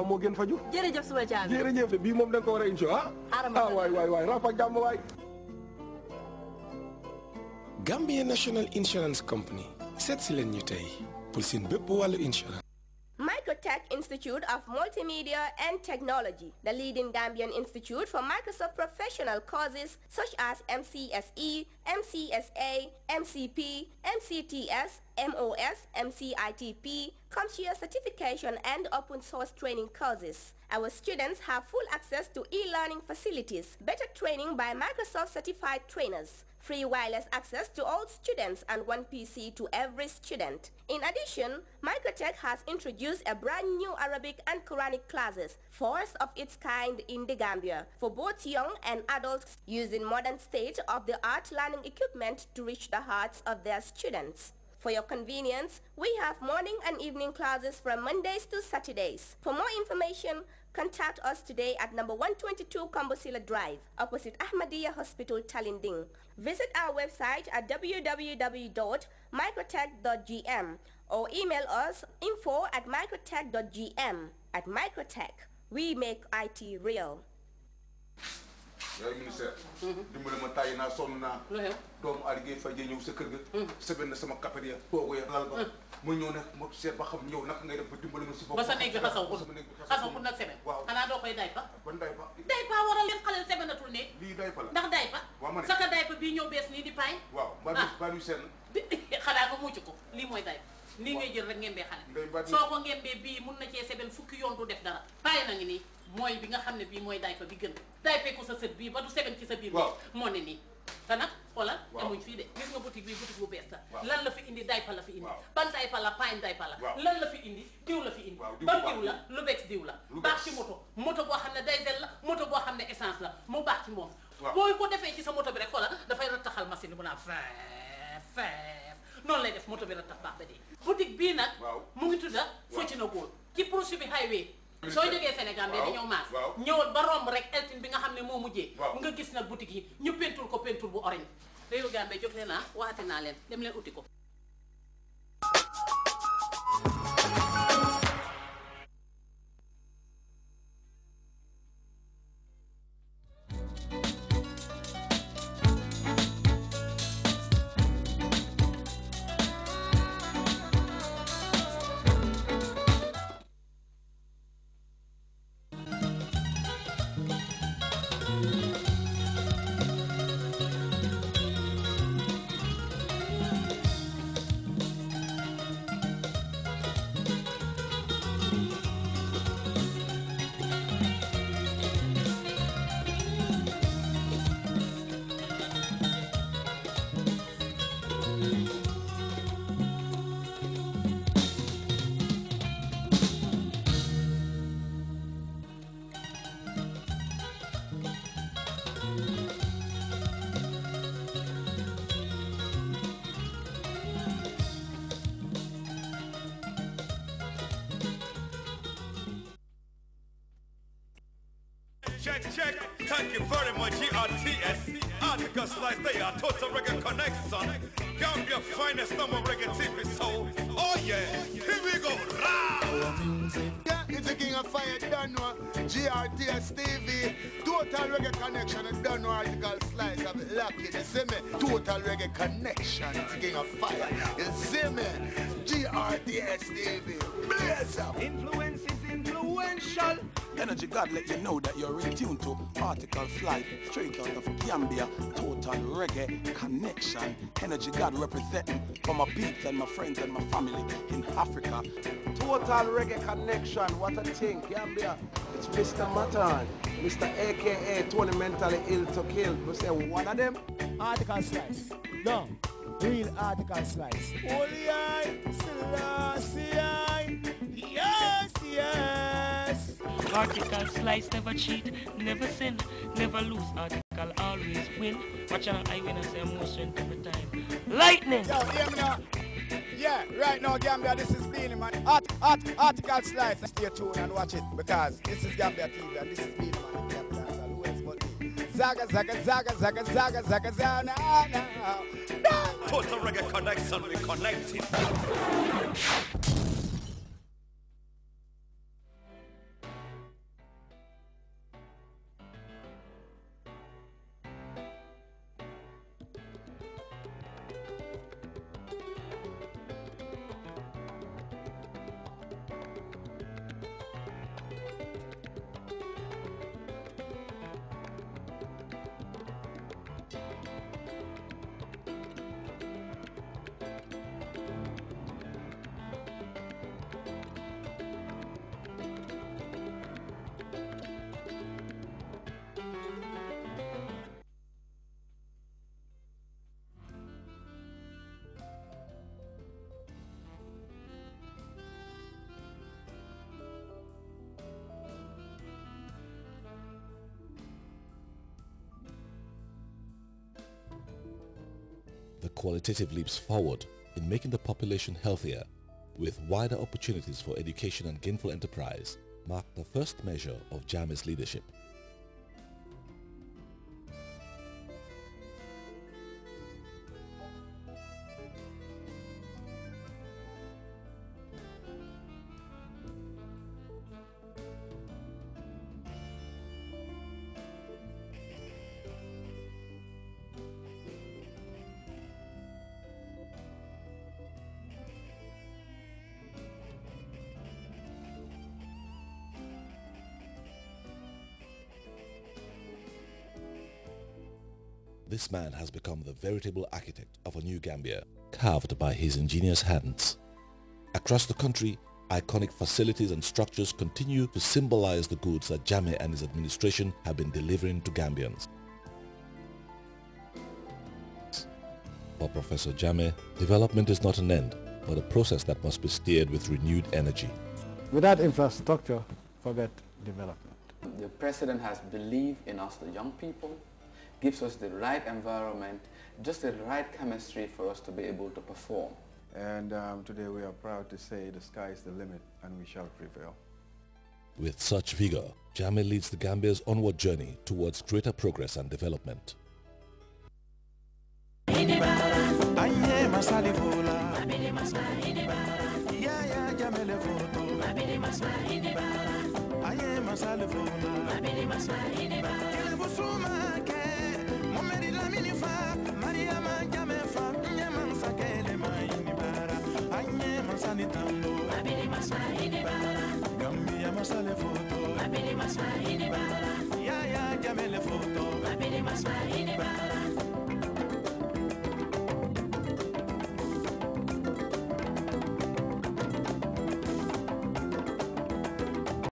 aw faju suma ko ah Gambia National Insurance Company Set si leen ñu tey pour seen bépp insurance Microtech Institute of Multimedia and Technology, the leading Gambian institute for Microsoft professional courses such as MCSE, MCSA, MCP, MCTS, MOS, MCITP, computer certification and open source training courses. Our students have full access to e-learning facilities, better training by Microsoft certified trainers, free wireless access to all students and one PC to every student. In addition, Microtech has introduced a brand new Arabic and Quranic classes, first of its kind in the Gambia, for both young and adults using modern state-of-the-art learning equipment to reach the hearts of their students. For your convenience, we have morning and evening classes from Mondays to Saturdays. For more information, contact us today at number 122 Kombosila Drive, opposite Ahmadiyya Hospital, Talinding. Visit our website at www.microtech.gm or email us info at microtech.gm. At Microtech, we make IT real. yaay ministère dimbale ma tàyyi naa sonn naa doomu Aly Gueye Faye ñëw sa kër ga sëbën na sama kapet ya toogu ya lal ba ma ñëw nag ma seet ba xam ñëw naka ngay def ba dimbale ma si bopp ba sa néeg bi xasaw ba sama néeg bi xasaw bu nag semaine xanaa doo koy day ba day ba day ba day ba di ah. seen xanaa nga mucc ko lii mooy day nii ngay jël rek ngembee xale soo ko ngembee bii mun na cee sebel fukki yoon du def dara bàyyi na ngi nii mooy bi nga xam ne bii mooy day fa bi gën day fay ko sa sët bii ba du segam ci sa biir bi moo ne nii te nag xoolal amuñ fii de gis nga boutique bi boutique bu bees la lan la fi indi day fa la fi indi ban day fa la la la fi indi diw la fi indi la lu bees diw la baax ci moto moto boo xam ne diesel la moto boo xam ne essence la mu baax ci moom booy ko defee ci sa moto bi rek xoolal dafay rattaxal machine bi mu a feef feef noonu lay def moto bi rattax baax ba dee boutique bii nag mu ngi tudda focc na góor ci projet bi highway soo jógee Sénégal bee dañoo maas ñëwal ba romb rek Eltine bi nga xam ne moo mujjee nga gis nag boutique yi ñu pentul ko pentul bu orange réewu Gambie jóg leen ah waxati naa leen dem leen uti ko Check, check, thank you very much, GRTS. Article Slice, they are total reggae connection. Gambia finest number reggae TV show. Oh yeah, here we go. Rah! Yeah, it's the king of fire, do GRTS TV. Total reggae connection, Dunno Article Slice. I'm lucky, you see me? Total reggae connection, it's the king of fire. You see me? GRTS TV. Bless up. Influence is influential. Energy God let you know that you're in tune to Article Flight, straight out of Gambia, total reggae connection. Energy God representing for my peeps and my friends and my family in Africa. Total reggae connection, what a thing, Gambia. It's Mr. Matan, Mr. AKA Tony Mentally Ill to Kill. You say one of them. Article Slice, no, real Article Slice. Holy Eye, Celestia. Article slice, never cheat, never sin, never lose. Article always win. Watch out, I win and say more strength every time. Lightning! Yo, hear me now. Yeah, right now, Gambia, this is Beanie, man. Art, art, article slice. Stay tuned and watch it because this is Gambia TV and this is Beanie, man. Zaga, zaga, zaga, zaga, zaga, zaga, zaga, now, now. Total Reggae Connection, we connected. the qualitative leaps forward in making the population healthier with wider opportunities for education and gainful enterprise marked the first measure of Jamis leadership. This man has become the veritable architect of a new Gambia, carved by his ingenious hands. Across the country, iconic facilities and structures continue to symbolize the goods that Jammeh and his administration have been delivering to Gambians. For Professor Jammeh, development is not an end, but a process that must be steered with renewed energy. Without infrastructure, forget development. The president has believed in us, the young people, gives us the right environment, just the right chemistry for us to be able to perform. And um, today we are proud to say the sky is the limit and we shall prevail. With such vigor, Jamil leads the Gambia's onward journey towards greater progress and development. fa mariama jame fa n ye mansa kɛlɛma ɲini bara a ɲɛ masa ni tanbo gambiya masa le foto yaya jame le foto